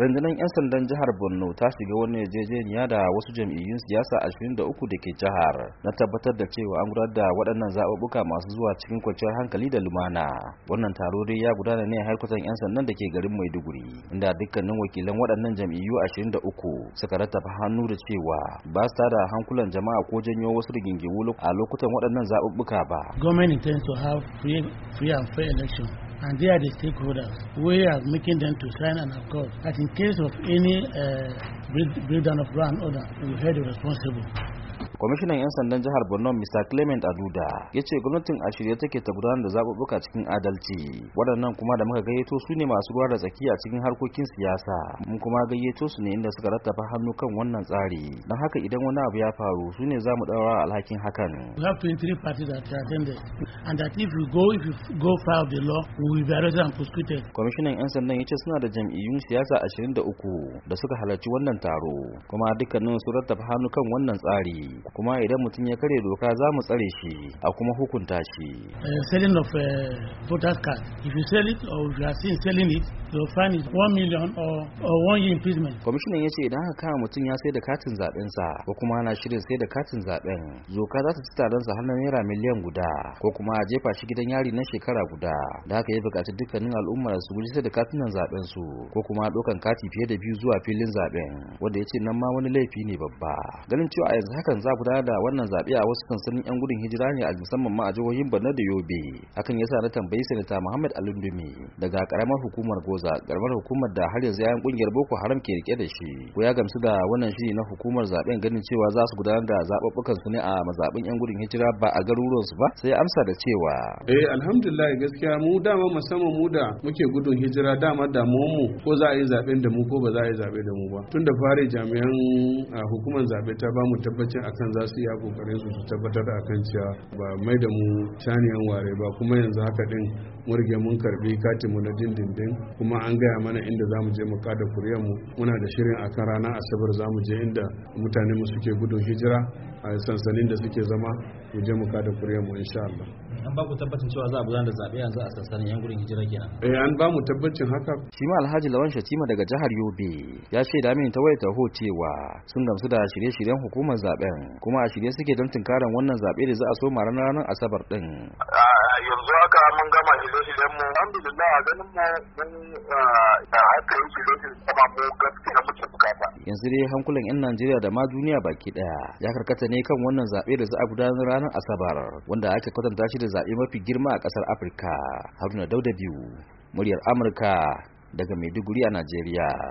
rundunar 'yan sandan jihar borno ta shiga wani yarjejeniya da wasu jam'iyyun siyasa 23 da ke jihar na tabbatar da cewa an gudanar da waɗannan zaɓuɓɓuka masu zuwa cikin kwanciyar hankali da lumana wannan taro dai ya gudana ne a harkutan 'yan sandan da ke garin maiduguri inda dukkanin wakilan waɗannan jam'iyyu 23 suka rattafa hannu da cewa ba su tada hankulan jama'a ko janyo wasu rigingimu a lokutan waɗannan zaɓuɓɓuka ba. Government intends to have free, free and fair and they are the stakeholders. We are making them to sign and of course that in case of any uh, breakdown of ground order, we hold the responsible. kwamishinan 'yan sandan jihar borno mr clement aduda ya ce gwamnatin a shirye take ta gudanar da zaɓuɓɓuka cikin adalci waɗannan kuma da muka gayyato su ne masu ruwa da tsakiya cikin harkokin siyasa mun kuma gayyato su ne inda suka rattafa hannu kan wannan tsari don haka idan wani abu ya faru su ne za mu ɗaura alhakin hakan. we have 23 parties that are attended and that if we go if we go far the law we will be arrested and prosecuted. kwamishinan 'yan sandan ya ce suna da jam'iyyun siyasa 23 da suka halarci wannan taro kuma dukkanin su rattafa hannu kan wannan tsari kuma idan mutum ya kare doka za mu tsare shi a kuma hukunta shi eh, selling of uh, voters card if you sell it or if you are seen selling it your fine is one million or, or one year imprisonment. Kwamishinan ya ce idan aka kama mutum ya sai da katin zaben sa ko kuma ana shirin sai da katin zaben zoka za ta ci taron sa har naira miliyan guda ko kuma a jefa shi gidan yari na shekara guda da haka ya bukaci dukkanin al'umma su guji sai da katunan zaben su ko kuma a ɗaukan kati fiye da biyu zuwa filin zaben wanda ya ce nan ma wani laifi ne babba ganin cewa a yanzu hakan za gudanar da wannan zaɓe a wasu sansanin 'yan gudun hijira ne a musamman ma a jihohin Borno da Yobe hakan yasa na tambayi sanata Muhammad Alundumi daga karamar hukumar Goza daga karamar hukumar da har yanzu yayin kungiyar boko haram ke rike da shi ko ya gamsu da wannan shiri na hukumar zaben ganin cewa za su gudanar da zababbukan su ne a mazaɓin yan gudun hijira ba a garuruwan su ba sai amsa da cewa eh alhamdulillah gaskiya mu dama musamman mu da muke gudun hijira dama da mu ko za a yi zaben da mu ko ba za a yi zabe da mu ba tun da fare jami'an hukumar zabe ta ba mu tabbacin akan za su iya kokarin su tabbatar da akan cewa ba mai da mu caniyan ware ba kuma yanzu haka din mun mun karbi katimu na dindindin kuma an gaya mana inda za mu je mu kada kuriyar mu muna da shirin a kan rana asabar za mu je inda mutane mu suke gudun hijira a sansanin da suke zama mu je mu kada kuriyar mu insha Allah an ba ku tabbacin cewa za a gudanar da zaɓe yanzu a sansanin yan gudun hijira kenan eh an ba mu tabbacin haka shi ma Alhaji Lawan Shatima daga jihar Yobe ya ce min ta wayar taho cewa sun gamsu da shirye-shiryen hukumar zaben kuma a shirye suke don tunkaran wannan zaɓe da za a so ma ranar asabar din yanzu aka mun gama shirye-shiryen mu alhamdulillah a ganin mu mun haka ah, yi shirye-shiryen kuma mu gaskiya muke bukata yanzu dai hankulan 'yan Najeriya da ma duniya baki daya ya karkata ne kan wannan zaɓe da za a gudanar ranar Asabar wanda ake kwatanta shi da zaɓe mafi girma a ƙasar Afirka Haruna Dauda biyu muryar Amurka daga Maiduguri a Najeriya